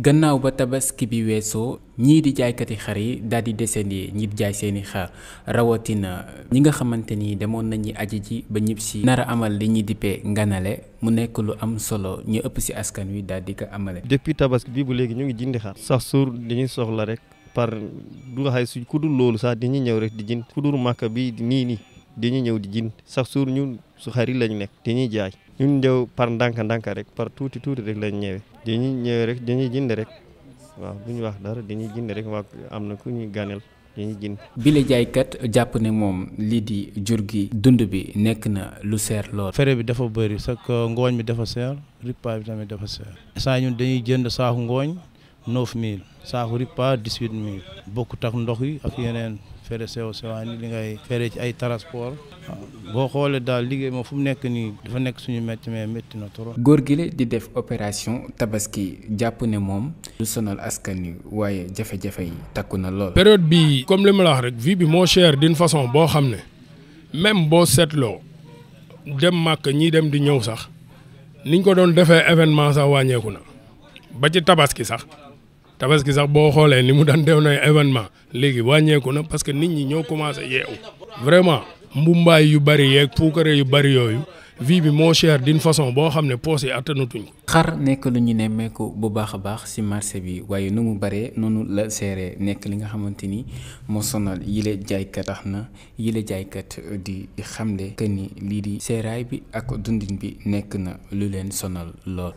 gannaaw ba tabaski bi weesoo ñii di jaaykati xar yi daal deseen desandi ñi jaay seeni xar rawatina ñi nga xamante ni demoon nañu aji ji ba ñib si nara amal li ñuy dippee nganale mu nekk lu am solo ñu ëpp si askan wi daal di ko amale. depuis tabaski bi bu léegi ñu ngi jindi xar. sax suur dañuy soxla rek par du xay suñ ku loolu sax dañuy ñëw rek di jënd ku dul màkk bi nii nii. dañuy ñëw di jin sax suur ñun su xari lañ nekk dañuy jaay ñun ñëw par ndànka ndànka rek par tuuti tuuti rek lañ ñëwee dañuy ñëwee rek dañuy jënd rek waaw bu ñu wax dara dañuy jënd rek waa am na ku ñuy ganel dañuy jënd bile jaaykat jàpp ne moom lii di jur gi dund bi nekk na lu seer lool fere bi dafa bëri sax ngooñ bi dafa seer ripa bi tamit dafa seer saa ñun dañuy jënd saaku ngooñ neuf mille saaku ripa dix-huit mille bokkut ak ndox yi ak yeneen fere sew ni li ngay fere ci ay transport boo xoolee daal liggéey moom fu mu nekk nii dafa nekk suñu métti mais métti na trop. góor gi di def opération tabaski jàpp ne moom lu sonal askan wi waaye jafe-jafe yi takku na lool. période bi comme li ma la wax rek vie bi moo cher d'une façon boo xam ne même boo seetloo dem màkk ñii dem di ñëw sax niñ ko doon defee événement sax wàññeeku na ba ci tabaski sax. tabaski sax boo xoolee ni mu daan def na événement léegi wàññeeku na parce que nit ñi ñoo commencé yeewu vraiment mbumbaay yu bari yeeg puukare yu bëri yooyu vie bi moo cher d'une façon boo xam ne poos yi attanatuñ ko. xar nekk lu ñu nemmeeku bu baax a baax ci marché bi waaye nu mu baree noonu la seeree nekk li nga xamante ni moo sonal yile jaaykat tax na yile jaaykat di xamle que ni lii di seeraay bi ak dundin bi nekk na lu leen sonal lool.